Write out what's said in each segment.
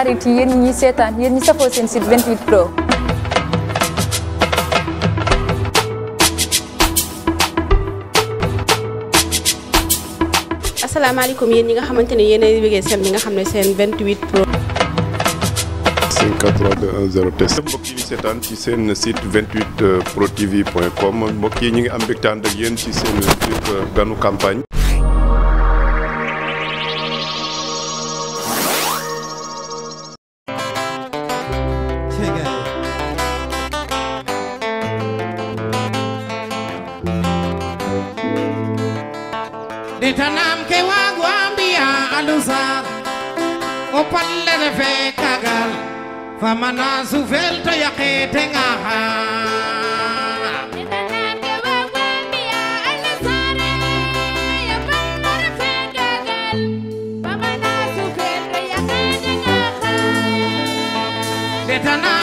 xarit yi yéen ñi seetaan yéen ñi safoo seen site 28 nga xamante ne yéen a seen bi nga xam ne seen 28 pro. 53210 test. mbokk yi ci seen site 28 pro tv point com mbokk yi ñu ngi am mbégte ànd ak yéen ci seen euh, ganu campagne. হয়ে গেল Detanam ke wagwambia alusar Upallere fe kagal Famana suvel to yakete ngaha Detanam ke wagwambia alusar Upallere fe kagal Famana suvel to yakete ngaha Detanam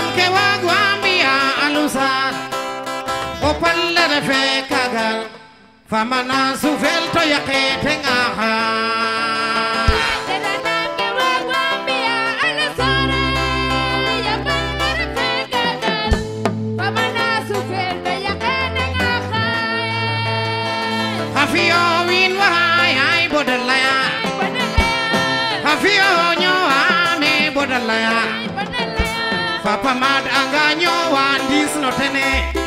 pallere fe kagal famana sufel to yaqete ngaha Hafio win wahai ai bodalaya Hafio nyo ame bodalaya Papa mad anga nyo wan dis no tene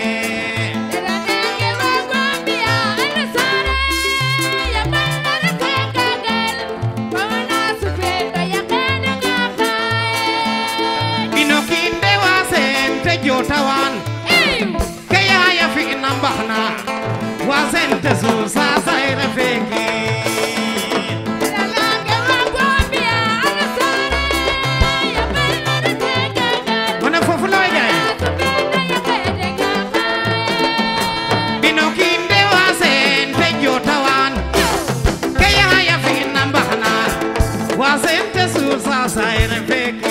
Wasn't this who's outside and fake?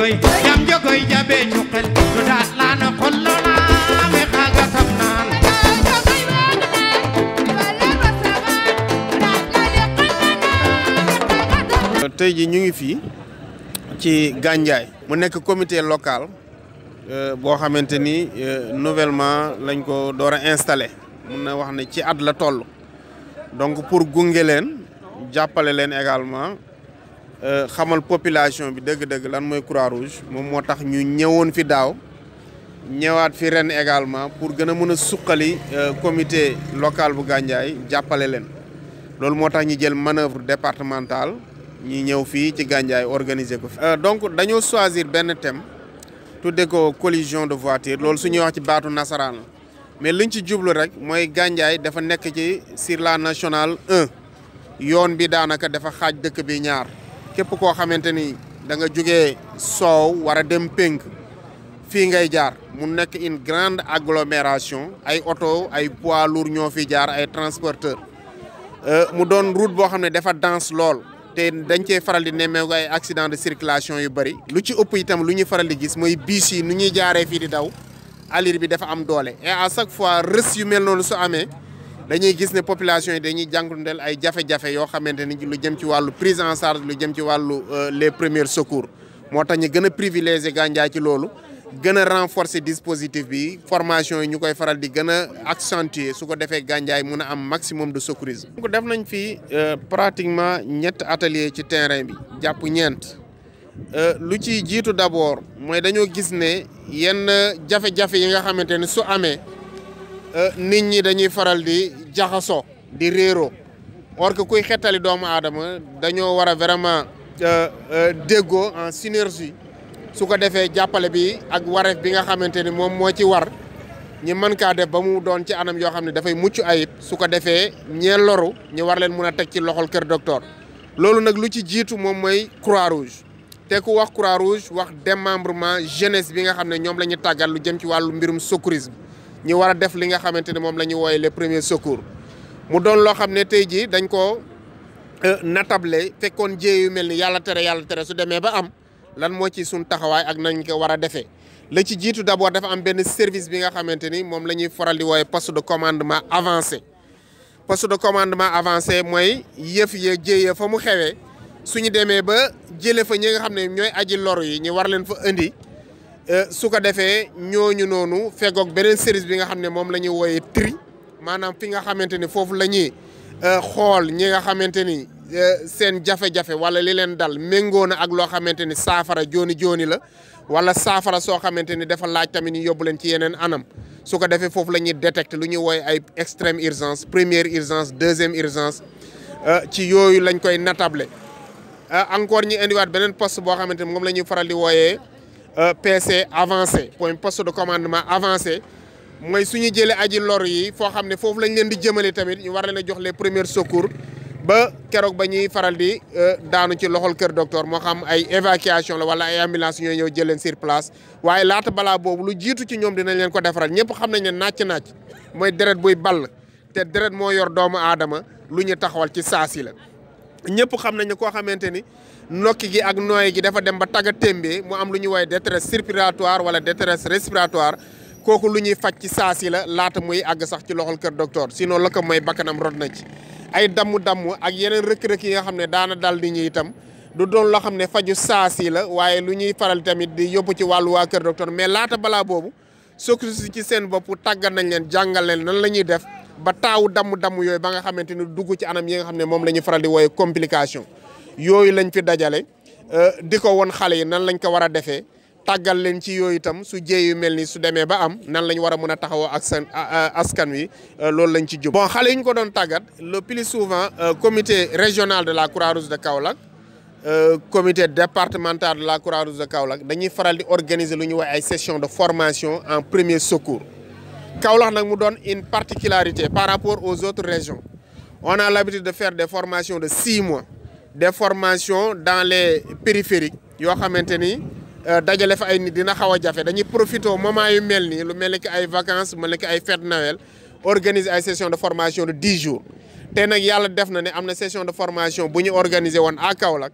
koy jam jogoy jabe ñuqel to da laana xollo me xaaga sam naan tey ji ñu ngi fii ci Gandiaye mu nekk comité local euh, boo xamante ni euh, nouvellement lañ ko door a installé mun na wax ne ci at la toll donc pour gunge leen également Euh, xamal population bi dëgg-dëgg lan mooy Croix-Rouge moom moo tax ñu ñëwoon fi daaw ñëwaat fi ren également pour gën a mën a suqali euh, comité local bu Gandiaye jàppale leen loolu moo tax ñu jël manœuvre départementale ñi ñëw fii ci Gandiaye organiser ko fi. Euh, donc dañoo soisir benn thème tudde ko collision de voiture loolu su wax ci baatu nasaraan mais liñ ci jublu rek mooy Gandiaye dafa nekk ci sur la nationale yoon bi daanaka dafa xaaj dëkk bi ñaar. képp koo xamante ni da nga jógee soow war a dem pénk fii ngay jaar mu nekk une grande agglomération ay oto ay poids ñoo fi jaar ay transporteur euh, mu doon route boo xam ne dafa dance lool te dañ cee faral di nemmeeku ay accident de circulation yu bari lu ci ëpp itam lu ñuy faral di gis mooy biis yi nu ñuy jaaree fii di daw alir bi dafa am doole et à chaque fois rës yu mel noonu su amee dañuy gis ne population yi dañuy jànkundeel ay jafe-jafe yoo xamante ni lu jëm ci wàllu prise en lu jëm ci wàllu euh, les premiers secours moo tax ñu gën a privilégier Gandiaye ci loolu gën a dispositif bi formation yi ñu koy faral di gën a accentuer su ko defee Gandiaye mun a am maximum de secourisme. donc def nañ fii euh, pratiquement ñett atelier ci terrain bi jàpp ñeent euh, lu ciy jiitu d'abord mooy dañoo gis ne yenn jafe yi nga xamante ne su amee nit ñi dañuy faral di jaxasoo di réero or que kuy xettali doomu aadama dañoo war a vraiment euh, euh, déggoo en synergie su ko defee jàppale bi ak wareef bi nga xamante ni moom moo ci war ñi mën kaa def ba mu doon ci anam yoo xam ne dafay mucc ayib su ko defee ñee loru ñu war leen mun a teg ci loxol kër doctor loolu nag lu ci jiitu moom mooy croix rouge te ku wax croix rouge wax démembrement jeunesse bi nga xam ne ñoom la ñu tàggat lu jëm ci wàllu mbirum secourisme ñi war a def li nga xamante ne moom la ñu wooye premier premiers secours mu doon loo xam ne tey jii dañ ko euh, natable fekkoon jéey yu mel ni yàlla tere yàlla tere su demee ba am lan moo ci suñ taxawaay ak nañ ko war a defee la ci jiitu d'abord dafa am benn service bi nga xamante ni moom la ñuy faral di wooye poste de commandement avancé poste de commandement avancé mooy yëf ya jéeya fa mu xewee suñu demee ba jële fa ñi nga xam ne ñooy aji loru yi ñu war leen fa indi Euh, su ko defee ñooñu noonu fegoog beneen service bi nga xam ne moom la ñuy wooyee prix maanaam fi nga xamante ni foofu la ñuy euh, xool ñi nga xamante ni euh, seen jafe-jafe wala li leen dal méngoo na ak loo xamante ni saafara jooni jooni la wala saafara soo xamante ni dafa laaj tamit ñu yóbbu leen ci yeneen anam su ko defee foofu la ñuy détecter lu ñuy wooye ay extreme urgence première urgence deuxième urgence ci yooyu lañ koy natable encore ñu indiwaat beneen poste boo xamante ni moom la ñuy faral di wooyee Euh, PC avancé point poste de commandement avancé mooy su ñu jëlee aji lor yi foo xam ne foofu lañ leen di jëmalee tamit ñu war leen a jox les premiers secours ba keroog ba ñuy faral di euh, daanu ci loxol kër docteur moo xam ay évacuation la wala ay ambulance ñooy ñëw jël leen sur place waaye laata balaa boobu lu jiitu ci ñoom dinañ leen ko defaral ñëpp xam nañ ne nàcc-nàcc mooy deret buy bal ball te deret moo yor doomu aadama lu ñu taxawal ci saa si la ñëpp xam nañ koo xamante ni nokki gi ak nooy gi dafa dem ba tagga témbee mu am lu ñuy woowee détresse respiratoire wala détresse respiratoire kooku lu ñuy faj ci saa si la laata muy àgg sax ci loxol kër docteur sinon la ko mooy bakkanam rot na ci ay damm-damm ak yeneen rëkk-rëkk yi nga xam ne daana dal di ñuy itam du doon loo xam ne faju saa si la waaye lu ñuy faral tamit di yóbbu ci wàllu waa kër docteur mais laata balaa boobu sokku si ci seen bopp tàggat nañ leen jàngal leen nan la ñuy def ba taawu damm-damm yooyu ba nga xamante ni dugg ci anam yi nga xam ne moom la ñuy faral di wooye complication yooyu lañ fi dajale euh, di ko won xale yi nan lañ ko war a defee tàggal leen ci yooyu itam su jee yu mel ni su demee ba am nan lañ war a mën a taxawoo ak seen askan wi euh, loolu lañ ci jub bon xale yi ñu ko doon tàggat le plus souvent euh, comité régional de la Croix-Rouge de Kaolack comité départemental de la Croix-Rouge de Kaolack dañuy faral di organiser lu ñuy wax ay session de formation en premier secours Kaolack nag mu doon une particularité par rapport aux autres régions on a l'habitude de faire des formations de six mois des formation dans les périphériques yoo xamante ni euh, dajale fa ay nit dina xaw a jafe dañuy profité moment yu mel nii lu mel ni ki ay vacances mel ni ki ay fête Noël organiser ay session de formation de dix jours te nag yàlla def na ne am na session de formation bu ñu organiser woon à Kaolack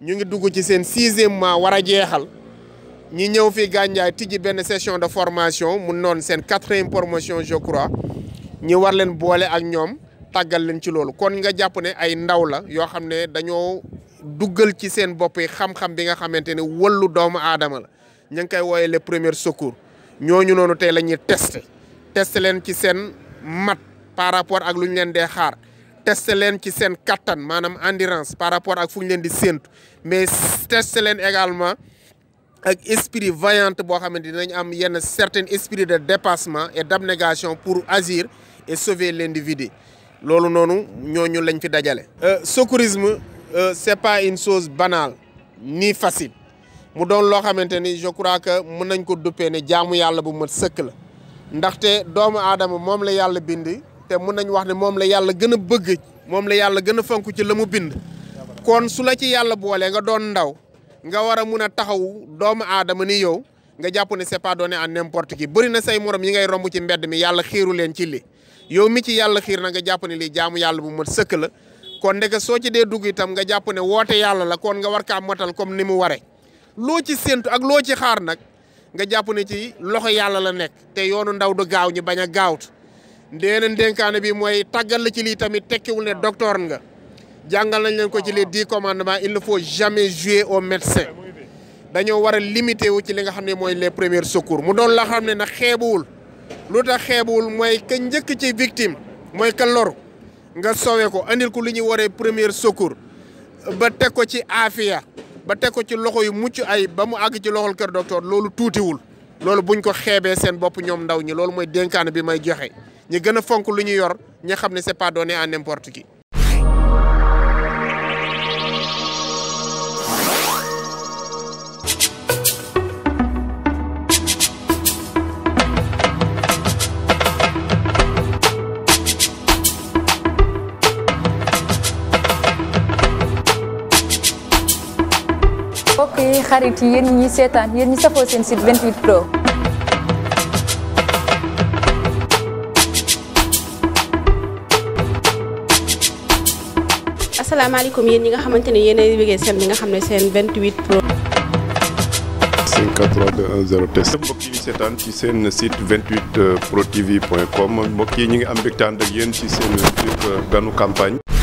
ñu ngi dugg ci seen sixième mois war a jeexal ñi ñëw fii Gandiaye tijji benn session de formation mu noon seen quatrième promotion je crois ñu war leen boole ak ñoom tàggal leen ci loolu kon nga jàpp ne ay ndaw la yoo xam ne dañoo duggal ci seen bopp yi xam bi nga xamante ne wàllu doomu aadama la ñu ngi koy wooyee les premiers secours ñooñu noonu tey la ñuy testé testé leen ci seen mat par rapport ak lu ñu leen dee xaar testé leen ci seen kattan maanaam endurance par rapport ak fu ñu leen di séentu mais testé leen également ak esprit vaillant boo xamante dinañ am yenn certain esprit de dépassement et d'abnégation pour agir et sauver l'individu loolu noonu ñooñu lañ fi dajale. Euh, secourisme euh, c'est pas une chose banale ni facile mu doon loo xamante ni je crois que mën nañ ko duppee ne jaamu yàlla bu mat sëkk la ndaxte doomu aadama moom la yàlla bind te mun nañ wax ne moom la yàlla gën a bëgg moom la yàlla gën a fonk ci la mu bind. kon su la ci yàlla boolee nga doon ndaw nga war a mun a taxaw doomu aadama ni yow nga jàpp ne c'est pas donné à n'importe qui bëri na say morom yi ngay romb ci mbedd mi yàlla xiiru leen ci li yow mi ci yàlla xiir na nga jàpp ne lii jaamu yàlla bu mat sëkk la kon ndeke soo ci dee dugg itam ga jàpp ne woote yàlla la kon nga war kaa motal comme ni mu waree loo ci séntu ak loo ci xaar nag nga jàpp ne ci loxo yàlla la nekk te yoonu ndaw du gaaw ñi bañ a gaawut ndeeneen dénkaane bi mooy tàggal la ci lii tamit tekkiwul ne docteur nga jàngal nañ leen ko ci les dix commandement il ne faut jamais jouer au médecin dañoo war a wu ci li nga xam ne mooy les premiers secours mu doon la xam ne na xeebuwul lu tax xeebuwul mooy ka njëkk ci victime mooy ka loru nga sowe ko andil ko lu ñuy waree premier secours ba teg ko ci aafiya ba teg ko ci loxo yu mucc ay ba mu àgg ci loxol kër docteur loolu tuutiwul loolu buñ ko xeebee seen bopp ñoom ndaw ñi loolu mooy dénkaan bi may joxe ñi gën a fonk lu ñu yor ñi xam ne c'est pas en à n'importe yi xarit yi yéen ñi seetaan yéen ñi safoo seen site 28 pro. asalaamaaleykum yéen ñi xamante ne yéen a bëggee seen bi nga xam ne seen 28 pro. 53210 test. mbokk ci seen site 28 pro tv point mbokk yi ñu ngi am mbégte ànd ak ci seen ganu campagne.